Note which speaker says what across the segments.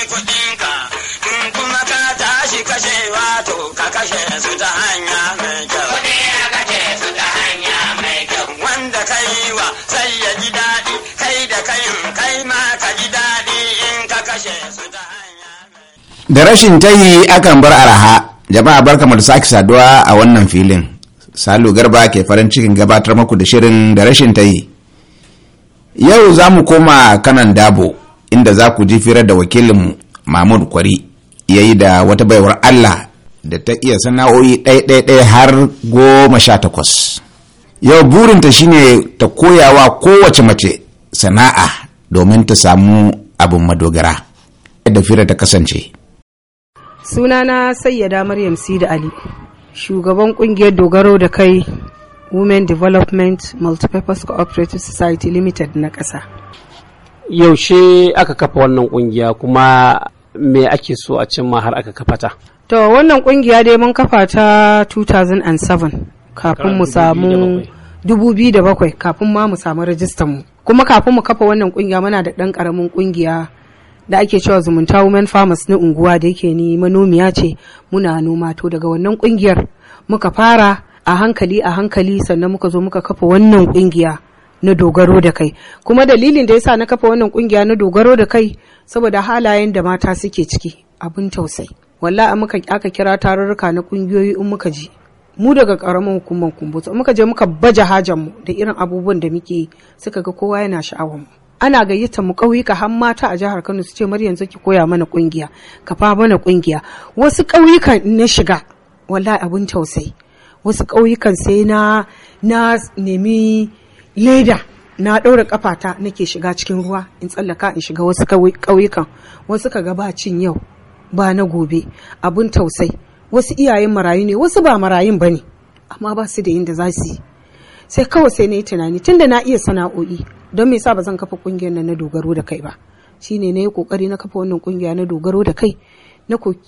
Speaker 1: sami kuɗinka in kuma ka tashi kashe wato ka kashe su ta hanya mai kyau. Wanda ka yi wa sai ya ji daɗi kai da kayin kai ma ka ji daɗi in ka kashe su ta hanya mai Da rashin tayi akan bar araha jama'a barkamu da sake saduwa a wannan filin. Salu Garba ke farin cikin gabatar muku da shirin da rashin tayi. Yau za mu koma kanan dabo. inda za ku ji firar da wakilinmu mahmud kwari ya yi da wata baiwar allah da ta iya sana'o'i ɗaiɗaiɗai har goma sha takwas yau burinta shine ta koyawa kowace mace sana'a domin ta samu abin madogara yadda firar ta kasance
Speaker 2: sunana sayyada maryam da ali shugaban ƙungiyar dogaro da kai women development multipurpose cooperative society limited na ƙasa
Speaker 1: yaushe aka kafa wannan kungiya kuma me ake so a cimma har aka kafa ta
Speaker 2: to wannan kungiya dai mun kafa ta 2007 kafin mu samu 2007 kafin ma mu samu rajistar mu kuma kafin mu kafa wannan kungiya muna da dan karamin kungiya da ake cewa zumunta women farmers na unguwa da yake ni manomiya ce muna noma to daga wannan kungiyar muka fara a hankali a hankali sannan muka zo muka kafa wannan kungiya na dogaro da kai kuma dalilin da ya sa na kafa wannan kungiya na dogaro da kai saboda halayen da mata suke ciki abin tausayi walla muka aka kira tarurruka na kungiyoyi in muka ji mu daga karamin hukumar kumbutsu muka je muka baje hajan mu da irin abubuwan da muke yi suka ga kowa yana sha'awar mu ana gayyata mu ƙauyuka har mata a jihar Kano su ce Maryam zaki koya mana kungiya ka fa mana kungiya wasu ƙauyukan na shiga wallahi abin tausayi wasu ƙauyukan sai na na nemi leda na ɗaura ƙafata nake shiga cikin ruwa in tsallaka in shiga wasu ƙauyukan wasu ka ga ba cin yau ba na gobe abun tausai wasu iyayen marayu ne wasu ba marayun ba ne amma ba su da inda za su yi sai kawai sai na yi tunani tun da na iya sana'o'i don me sa ba zan kafa kungiyar nan na dogaro da kai ba shine na yi kokari na kafa wannan kungiya na dogaro da kai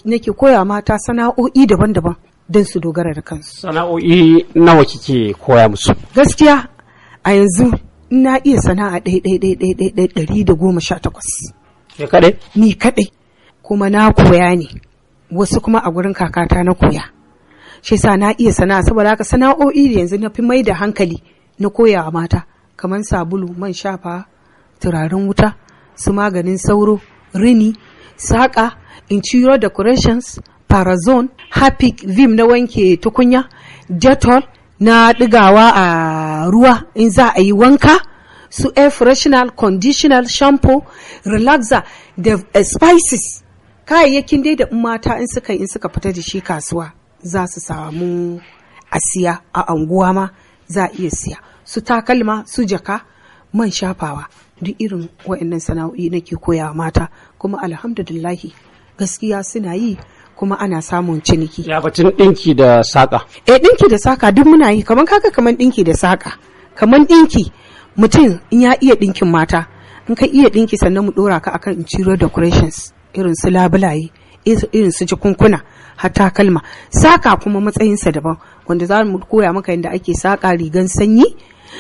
Speaker 2: nake koya mata sana'o'i daban-daban don su dogara da kansu
Speaker 1: sana'o'i nawa kike koya musu
Speaker 2: gaskiya a yanzu na iya sana'a ɗaya ɗaya ɗaya ɗaya ɗaya ɗaya ɗari da goma sha takwas. Ni kaɗai? Ni kaɗai. Kuma na koya ne. Wasu kuma a gurin kakata na koya. Shi sa na iya sana'a saboda haka sana'o'i da yanzu na fi mai da hankali na koya wa mata kamar sabulu man shafa turaren wuta su maganin sauro rini saƙa interior decorations parazone hapic vim na wanke tukunya jetol, na ɗigawa a ruwa in za a yi wanka su air freshener conditional shampoo relaxer da eh, spices kayayyakin dai da mata in suka in suka fita da shi kasuwa za su samu a siya a anguwa ma za a iya siya su takalma su jaka man shafawa duk irin wa'annan sana'o'i nake koya mata kuma alhamdulillahi gaskiya suna yi kuma ana samun ciniki ya batun dinki da saka eh ɗinki da saka duk muna yi kamar kaka kamar ɗinki da saka kamar dinki mutum in ya iya dinkin mata in ka iya ɗinki sannan mu ɗora ka akan interior decorations irin su labulaye irin su jikunkuna hatta kalma saka kuma matsayinsa daban wanda za mu koya maka yadda ake saka rigan sanyi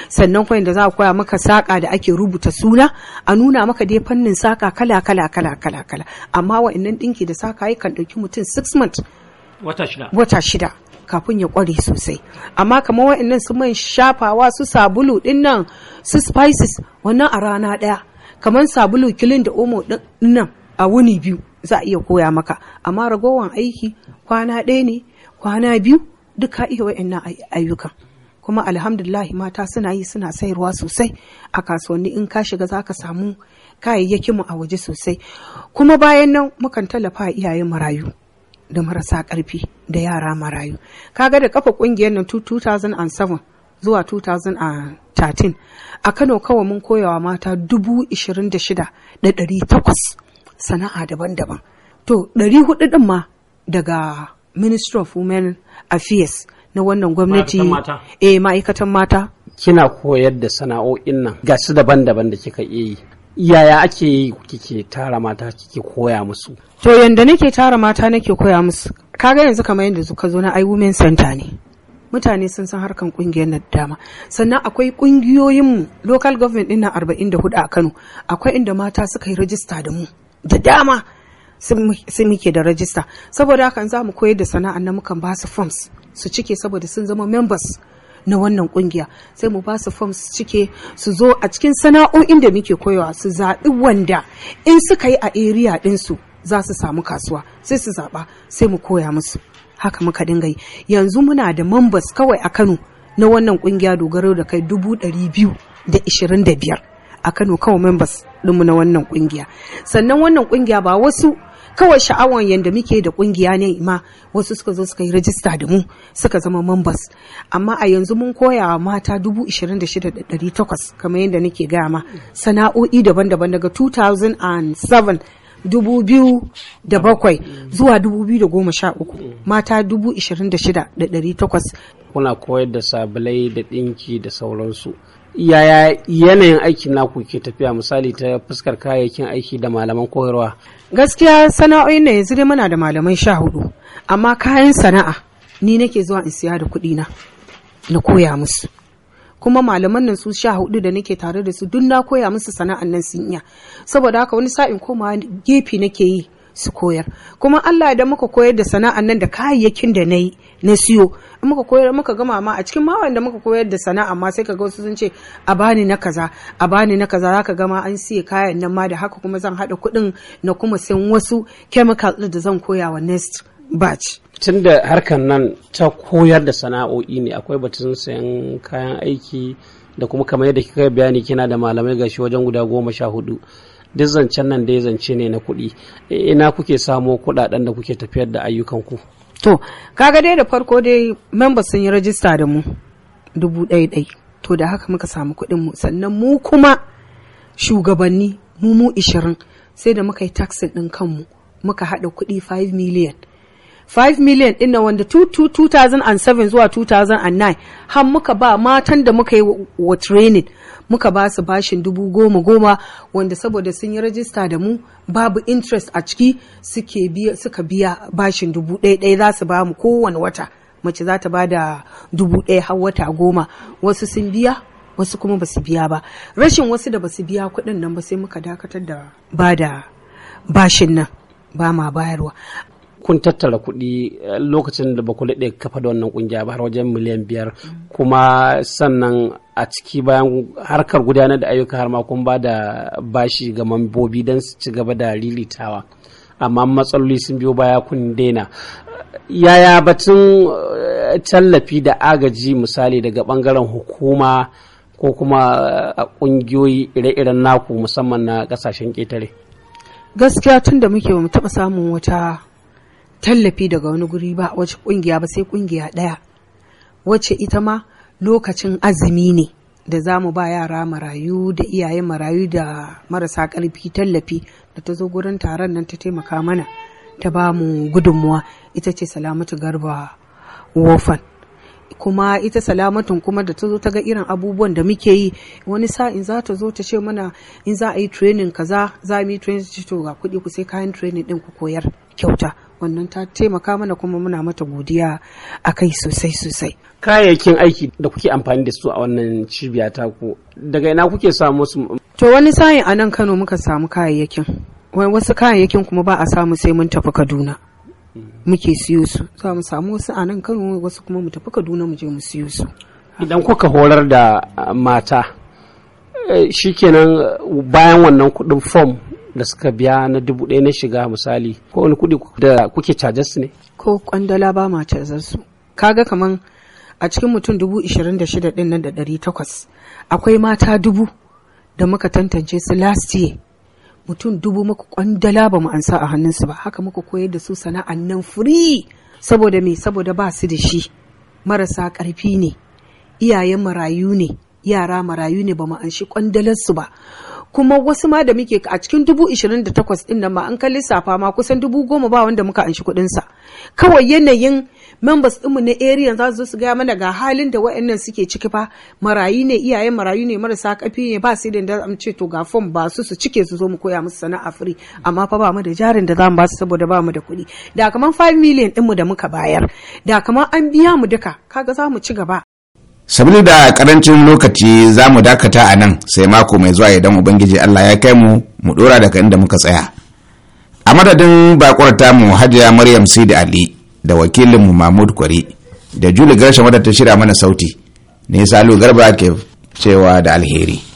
Speaker 2: sannan kuma da za a koya maka saƙa da ake rubuta suna a nuna maka dai fannin saƙa kala kala kala kala kala amma wa'annan ɗinki da saƙa kan ɗauki mutum six months wata shida kafin ya ƙware sosai amma kamar wa'annan su man shafawa su sabulu ɗin nan su spices wannan a rana ɗaya. kamar sabulu kilin da omo ɗin nan a wuni biyu za a iya koya maka amma ragowar aiki kwana ɗaya ne kwana biyu duka iya wa'annan ayyukan kuma alhamdulillahi mata suna yi suna sayarwa sosai a kasuwanni in ka shiga za ka samu kayayyakin mu a waje sosai kuma bayan nan mukan tallafa iyayen marayu da marasa karfi da yara marayu Ka ga da kafa kungiyar nan 2007 zuwa 2013 a kano kawai mun koyawa mata 26,800 sana'a daban-daban to 400 din ma daga ministry of women affairs na wannan gwamnati E, ma'aikatan mata
Speaker 1: kina koyar da sana'o'in nan ga su daban-daban da kika iya yi yaya ake yi kike tara mata kike koya musu
Speaker 2: to yanda nake tara mata nake koya musu kaga yanzu kamar yadda suka zo na ai women center ne mutane sun san harkan kungiyar na dama sannan akwai kungiyoyinmu local government din na 44 a kano akwai inda mata suka yi rajista da mu da dama Sun muke da rajista saboda haka za mu koyar da sana'a na mukan ba su forms su cike saboda sun zama members na wannan kungiya sai mu ba su forms cike su zo a cikin sana'o'in da muke koyawa su zaɓi wanda in suka yi a area ɗinsu za su samu kasuwa sai su zaɓa sai mu koya musu haka muka dinga yi yanzu muna da members kawai a kano na wannan kungiya dogaro da kai dubu ɗari biyu da ishirin da biyar a kano kawai members ɗinmu na wannan kungiya sannan wannan kungiya ba wasu kawai sha'awan yadda muke da kungiya ne ma wasu suka zo suka yi rajista da mu suka zama Mambas amma a yanzu mun koya wa mata 26,800 kamar yadda nake gaya ma sana'o'i daban-daban daga 2007 2007 zuwa 2013 mata 26,800
Speaker 1: kuna koyar da sabulai da ɗinki da sauransu yaya yanayin aiki naku ke tafiya misali ta fuskar kayayyakin aiki da malaman
Speaker 2: koyarwa gaskiya sana'o'in na yanzu dai muna da malamai sha hudu amma kayan sana'a ni nake zuwa in siya da kuɗi na na koya musu kuma malaman nan su sha hudu da nake tare da su duk na koya musu sana'an nan sun iya saboda haka wani sa'in koma gefe nake yi su koyar kuma Allah da muka koyar da sana'an nan da kayayyakin da na yi na siyo muka koyar muka gama ma a cikin mawan da muka koyar da sana'a ma sai kaga wasu sun ce a bani na kaza a bani na kaza zaka gama an siye kayan nan ma da haka kuma zan hada kuɗin na kuma sayan wasu chemical da zan koya wa next batch
Speaker 1: tun da harkar nan ta koyar da sana'o'i ne akwai batun sayan kayan aiki da kuma kamar yadda kika bayani kina da malamai gashi wajen guda goma sha hudu duk zancen nan dai zance ne na kuɗi ina kuke samo kuɗaɗen da kuke tafiyar da ayyukan ku to
Speaker 2: kaga dai da farko dai members sun yi rajista da mu dubu ɗaya ɗai to da haka muka samu kuɗin mu sannan mu kuma shugabanni mu mu ishirin sai da muka yi taxi ɗin kanmu muka haɗa kuɗi 5 miliyan 5 million ɗin wanda 2007 zuwa 2009 har muka ba matan da muka yi wa training muka ba su bashin dubu goma goma wanda saboda sun yi rajista da mu babu interest a ciki suka biya bashin dubu ɗaya ɗaya za su ba mu kowane wata mace za ta ba da dubu ɗaya har wata goma wasu sun biya wasu kuma ba su biya ba rashin wasu da ba su biya kuɗin nan ba sai muka dakatar da ba da bashin nan ba ma bayarwa kun tattara kuɗi eh, lokacin
Speaker 1: da ba ku daɗe kafa da wannan ƙungiya ba har wajen miliyan biyar kuma sannan a ciki bayan harkar gudanar da ayyuka har ma kun ba da bashi ga mambobi don su ci gaba da lilitawa amma matsaloli sun biyo baya kun daina yaya batun eh, tallafi da agaji misali daga bangaren hukuma ko kuma eh, a kungiyoyi ire-iren naku musamman na kasashen ƙetare
Speaker 2: gaskiya tun da muke mu taɓa samun wata tallafi daga wani guri ba wace kungiya ba sai kungiya ɗaya wacce ita ma lokacin azumi ne da za mu ba yara marayu da iyaye marayu da marasa ƙarfi tallafi da ta zo gurin taron nan ta taimaka mana ta ba mu gudunmuwa ita ce salamatu garba wofan kuma ita salamatun kuma da ta zo ta ga irin abubuwan da muke yi wani sa'in za ta zo ta ce mana in za a yi training kaza za mu yi training to ga kuɗi ku sai kayan training din ku koyar kyauta wannan ta taimaka mana kuma muna mata godiya a kai sosai sosai
Speaker 1: kayayyakin aiki da kuke amfani da su a wannan cibiya ta ku daga ina kuke samu su
Speaker 2: to wani sa'in a nan Kano muka samu kayayyakin wasu kayayyakin kuma ba a samu sai mun tafi Kaduna muke siyo su za mu samu wasu a nan Kano wasu kuma mu tafi Kaduna mu je mu siyo su idan kuka horar da
Speaker 1: mata eh, shikenan bayan wannan kudin fom da suka biya na dubu ɗaya na shiga misali ko wani kuɗi da kuke cajar su ne
Speaker 2: ko kwandala ba ma cajar su kaga kaman a cikin mutum dubu ishirin da shida ɗin nan da ɗari takwas akwai mata dubu da muka tantance su last year mutum dubu muka kwandala ba mu ansa a hannunsu ba haka muka koyar da su sana'an nan free saboda me saboda ba su da shi marasa ƙarfi ne iyayen marayu ne yara marayu ne ba mu anshi kwandalarsu ba kuma wasu ma da muke a cikin dubu ishirin da takwas ɗin nan ma an kan lissafa ma kusan dubu goma ba wanda muka anshi kuɗin sa kawai yanayin members ɗinmu na area za su su gaya mana ga halin da wa'annan suke ciki fa marayu ne iyayen marayu ne marasa kafi ne ba sai da da am ce to ga fom ba su su cike su zo mu koya musu sana'a free amma fa ba mu da jarin da za mu ba su saboda ba mu da kuɗi da kaman 5 million ɗinmu da muka bayar da kamar an biya mu duka kaga za mu ci gaba
Speaker 1: sabili da karancin lokaci za mu dakata a nan sai mako mai zuwa idan ubangiji allah ya kai mu mu dora daga inda muka tsaya a madadin bakwarta mu hajiya maryam sidi ali da wakilin mu mahmud kwari da juli garshen wadda ta shirya mana sauti ne salu garba ke cewa da alheri